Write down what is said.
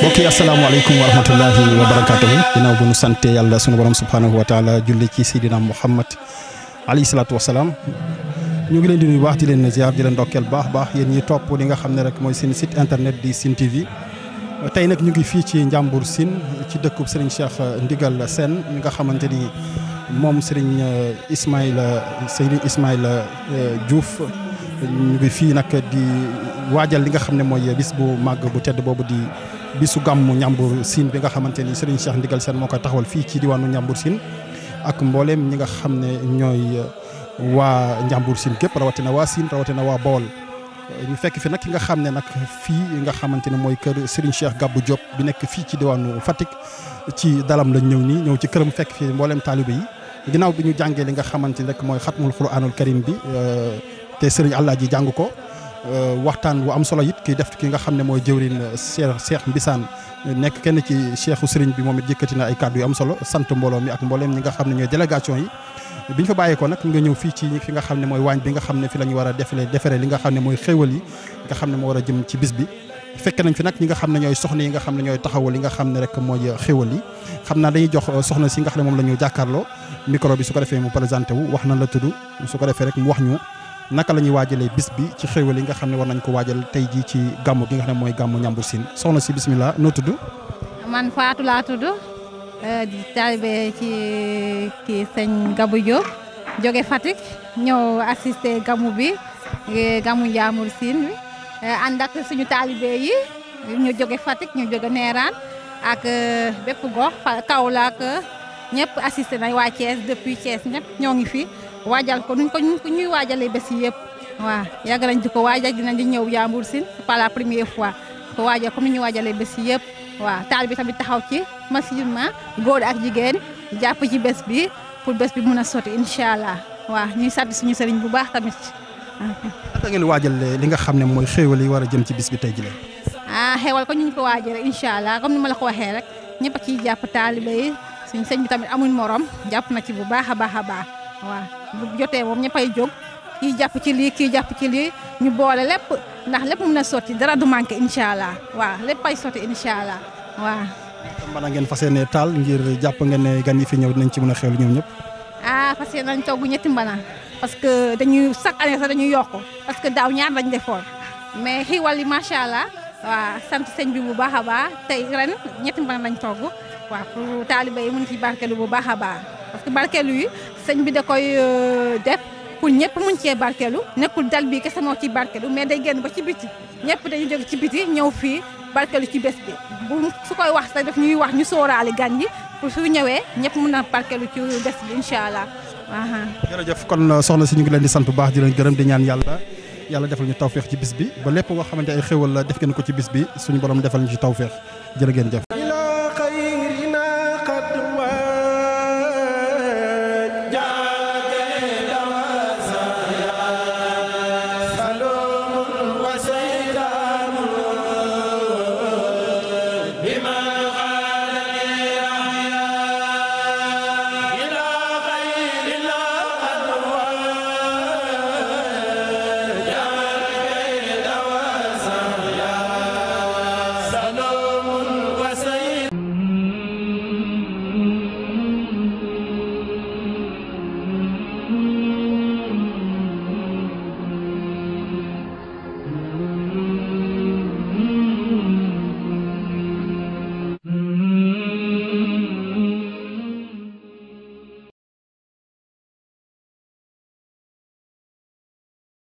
mbokk yi asalaamaaleykum wa rahmatullahi wa barakatuhu ginnaaw bu nu sante yàlla sunu borom subhanahu wa taala julli ci sidina Muhammad alayhi salaatu wasalaam ñu ngi leen di nuyu baax di leen ziar di leen ndokkeel baax baax yéen ñi topp li nga xam ne rek mooy seen site internet di Sine TV tey nag ñu ngi fii ci Njàmbur Sine ci dëkkub Serigne Cheikh Ndigal seen mi nga xamante ni moom Serigne euh, Ismaïla Serigne Ismaïla euh, Diouf ñu ngi fii nag di waajal li nga xam ne mooy bis bu màgg bu tedd boobu di bisu gàmmu Njàmbur Sine bi nga xamante ni Serigne Cheikh Ndigal seen moo koy taxawal fii ci diwaanu Njàmbur Sine ak mbooleem ñi nga xam ne ñooy uh, waa Njàmbur Sine képp rawatina waa Sine rawatina waa Bawol uh, ñu fekk fi nag ki nga xam ne nag fii nga xamante ne mooy kër Serigne Cheikh Gabou Diop bi nekk fii ci diwaanu Fatick ci dalam lañ ñëw nii ñëw ci këram fekk fi mbooleem taalibe yi ginnaaw bi ñu jàngee li nga xamante ni rek mooy xatmul Qur'anul Karim bi uh, te Serigne ji jàng ko waxtaan bu am solo it ki def ki nga xam ne mooy jëwriñ Cheikh Cheikh Mbissane nekk kenn ci cheikhu sëriñ bi moom it yëkkati na ay kàddu yu am solo sant mbooloo mi ak mbooleem ñi nga xam ne ñooy délégation yi bi ñu fa bàyyeekoo nag nga fii ci fi nga xam ne mooy waañ bi nga xam ne fi lañu ñu war a defle li nga xam ne mooy xéewal yi nga xam ne moo war a jëm ci bis bi fekk nañ fi nag ñi nga xam ne ñooy soxna yi nga xam ne ñooy taxawal yi nga xam ne rek mooy xéewal yi xam naa dañuy jox soxna si nga xam ne moom la ñu jàkkaarloo micro su ko defee mu présenté wu wax na la tudd su ko rek wax ñu naka lañuy wajale bis bi ci xewal yi nga xamne war nañ ko waajal tay ji ci gamu gi nga xamne moy gamu gàmmu sin soxna si Bismillah, noo tudd. man Fatou tuddu euh di talibé ci ki señ gabu Diop joge fatik ñëw assister gamu bi euh, gamu Njambur sin. wi euh, ànd suñu talibé yi ñu joge fatik ñu joge Neeraan ak euh, bepp gox Kaolack ñepp assister nañ wa Thiès depuis ñongi fi wajal ko nuñ ko ñu ñuy ya bés yi yëpp waaw yàgg nañ di ko waajal dinañ di ñew Yambour Sine c'est pas la première fois ko waajal ko ñu waajalee bés yi yëpp waaw taal bi tamit taxaw ci massivement goor ak jigen japp ci bés bi pour bés bi mëna soti inshallah wa ñuy suñu sëriñ bu baax tamit. naka ngeen waajal li nga xamne moy xewal yi wara jëm ci bi ah xewal ko ñu ko wajal inshallah comme ni ma la ko waxee rek ñepp ci japp suñu sëriñ bi tamit amuñ morom japp na ci bu baaxa baaxa baax wow bu jotee moom ñëppay jóg kii jàpp ci li ki japp ci li ñu boole lepp ndax lepp mën a sotti dara du manqué inshallah wa lepp ay sotti inshallah wa waaw. na ngeen fas tal ngir japp ngeen ne gan yi fi ñew dinañ ci mëna a xewlu ñoom ñep ah fas nañ togu ñetti mbana parce que dañuy sax année sax dañuy yokku parce que daw ñaar lañ defoon mais hi wali machallah wa waaw sant sëñ bi bu baax ba tay ren ñetti mbana lañ togu wa pour taaliba yi ci barkelu bu baax ba parce que barkeelu yi sëñ bi da koy euh, def pour ñëpp mun cee barkeelu nekul dal bi kessa mo ci barkeelu mais day genn ba ci biti ñepp dañu jog ci biti ñëw fii barkeelu ci bés bi bu su koy wax sax daf ñuy wax ñu sóoraale gan yi pour su ñewé ñepp mëna a ci bés bi aha allah. jërëjëf kon euh, soxna ci ñu ngi leen di sant bu baax di leen gërëm di ñaan yalla yalla defal ñu tawféex ci bis bi ba lépp nga xamante ay xéwal la def gën ko ci bis bi suñu borom defal ñu ci tawféex jërë gën jëf